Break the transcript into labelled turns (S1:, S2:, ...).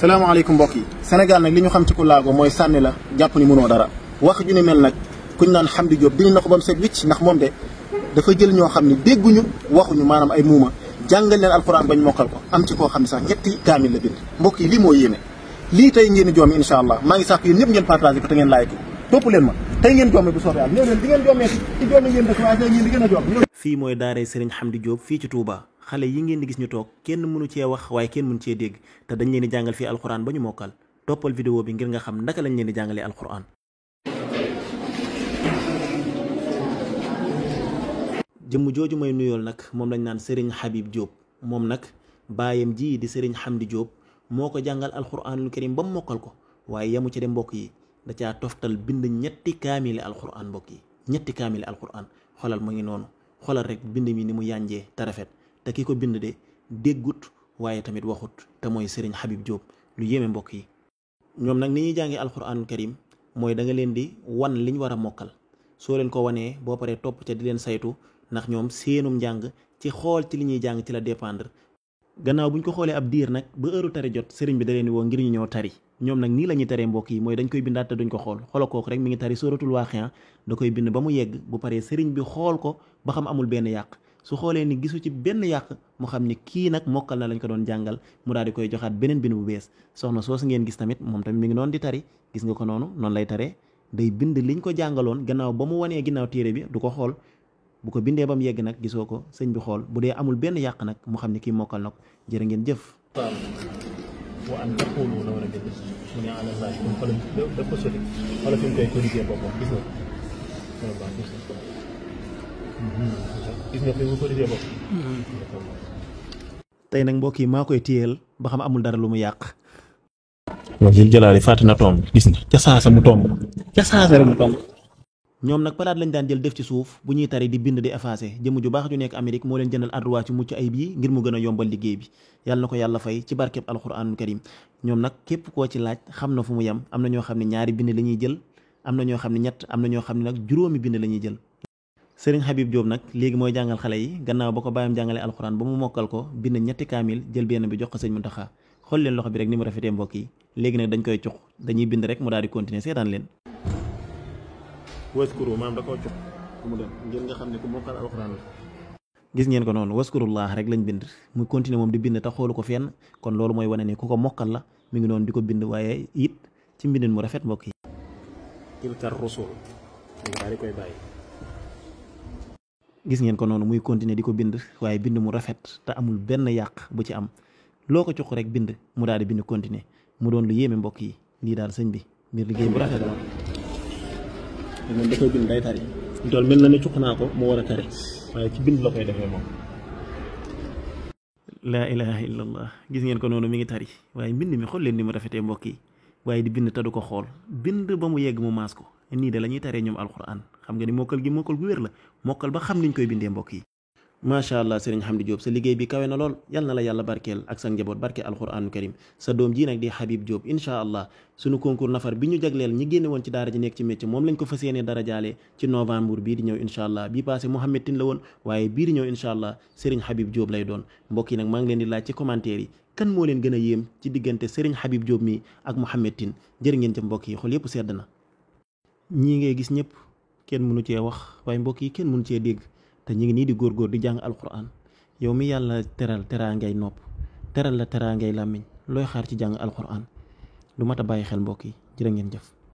S1: salaamaaleykum mbokk yi Sénégal nag li ñu xam ci ku laago mooy sànni la jàpp ni mënoo dara wax ju ni mel nag ku ñu naan Hamdy Diop dinañ na ko ba mu set wicc ndax moom de dafa jël ñoo xam ne dégguñu waxuñu maanaam ay muuma jàngal leen alxuraan bañ mokkal ko am ci koo xam ne sax ñetti kaamil la bind mbokk yi lii moo yéene lii tey ngeen joomi incha allah maa ngi sax yéen ñëpp ngeen partagé ko te ngeen laay ko topp leen ma tey ngeen joome bu soobee yàlla néew leen di ngeen joomee ci joome di gën joom fii mooy daaree ci Touba xale yi ngeen di gis ñu toog kenn mënu cee wax waaye kenn mënu cee dégg te dañ leen di jàngal fii alxuraan ba ñu mokkal toppal vidéo bi ngir nga xam naka lañ leen di jàngalee alxuraan. jëmm jooju may nuyool nag moom lañ naan Serigne Habib Diop moom nag baayam jii di sëriñ xam di Diop moo ko jàngal alxuraanul karim ba mu mokkal ko waaye yamu ci de mbokk yi da caa toftal bind ñetti kaamili alxuraan mbokk yi ñetti kaamili alxuraan xolal mu ngi noonu xolal rek mi ni mu yànjee te rafet te ki ko bind de déggut waaye tamit waxut te mooy Serigne xabib Diop lu yéeme mbokk yi. ñoom nag ni ñuy jàngee alxuraanul karim mooy da nga leen di wan liñ war a mokkal soo leen ko wanee boo paree topp ca di leen saytu ndax ñoom seenum njàng ci xool ci li ñuy jàng ci la dépendre. gannaaw bu buñ ko xoolee ab diir nag ba heure tari jot sëriñ bi da leen woo ngir ñu ñëw tari ñoom nag nii la ñuy taree mbokk yi mooy dañ koy bindaat te duñ ko xool xoola kooku rek mi ngi tari sóoratul waaqiya da koy bind ba mu yegg bu paree sëriñ bi xool ko ba xam amul benn yàq su xoolee ni gisu ci benn yàq mu xam ni kii nag mokkal na lañ ko doon jàngal mu daal di koy joxaat beneen bind bu bees soxna soosu ngeen gis tamit moom tamit mu ngi noonu di tari gis nga ko noonu noonu lay taree day bind liñ ko jàngaloon gannaaw ba mu wanee ginnaaw téere bi du ko xool bu ko bindee ba mu yegg nag gisoo ko sëñ bi xool bu dee amul benn yàq nag mu xam ne kii mokkal na ko jërë ngeen jëf gis nga tey nag mbokk yi maa koy téyeel ba xam amul dara lu mu yàq waaw jël jëlaale na tomb ca saasa mu tomb ca saasa rek mu ñoom nag palaat lañ daan jël def ci suuf bu ñuy tari di bind di effacé jëmm ju baax ju nekk Amérique moo leen jëndal adduwaa ci mucc ayib yi ngir mu gën yombal liggéey bi yàlla na ko yàlla fay ci barkeb alxuraanul karim ñoom nag képp koo ci laaj xam na fu mu yem am na ñoo xam ne ñaari bind la ñuy jël am na ñoo xam ne ñett am na ñoo xam ne nag juróomi bind la ñuy jël sëriñ Habib Diop nag léegi mooy jàngal xale yi gannaaw ba ko bàyyam jàngalee alxuraan ba mu mokkal ko bind ñetti kaamil jël benn bi jox ko sëñ Muntaxa xool leen loxo bi rek ni mu rafetee mbokk yi léegi nag dañ koy cux dañuy bind rek mu daal di continuer seetaan leen waskuru maam da koo cux mu dem ngeen gis ngeen ko noonu waskurullah rek lañ bind mu continuer moom di bind te xoolu ko fenn kon loolu mooy wane ne ku ko mokkal la mu ngi noonu di ko bind waaye it ci mbindin mu rafet mbokk yi tilkar rusul daal di koy bàyyi gis ngeen ko noonu muy continuer di ko bind waaye bind mu rafet te amul benn yàq bu ci am loo ko cuq rek bind mu daal bind continuer mu doon lu yéeme mbokk yi lii daal sëñ bi mbir liggéey bu rafet la moom na ne cuq naa ko mu war waaye ci bind la laa ilaha illallah gis ngeen ko noonu mi ngi tari waaye mbind mi xool leen ni mu rafetee mbokk yi waaye di bind te du ko xool bind ba mu yegg mu maas ko nii de la ñuy taree ñoom alquran xam nga ni mokkal gi mokkal gu wér la mokkal ba xam niñ koy bindee mbokk yi macha allah sëriñ Hamdi Diop sa liggéey bi kawe na lool yal na la yàlla barkeel ak sa njaboot barke alquranu karim sa doom ji nag di Habib Diop incha allah sunu concours nafar bi ñu jagleel ñi génnewoon woon ci daara ji nekk ci métier moom lañ ko fas yéene dara jaale ci novembre bii di ñëw incha allah bii passé Mouhamed Tine la woon waaye bii di ñëw incha allah sëriñ Habib Diop lay doon leen di laaj ci commentaire yi kan leen gën a yéem ci diggante sëriñ Habib Diop mi ak Mouhamed Tine jërë ngeen jëf mbokk yi xol yépp sedd na ñii ngay gis ñëpp kenn mënu cee wax waaye mbokk yi kenn mënu cee dégg te ñu ngi nii di góor góor di jàng alquran yow mi yàlla teral teraa ngay nopp teral la teraa ngay làmmiñ looy xaar ci jàng alquran du mat a bàyyi xel mbokk yi jërë ngeen jëf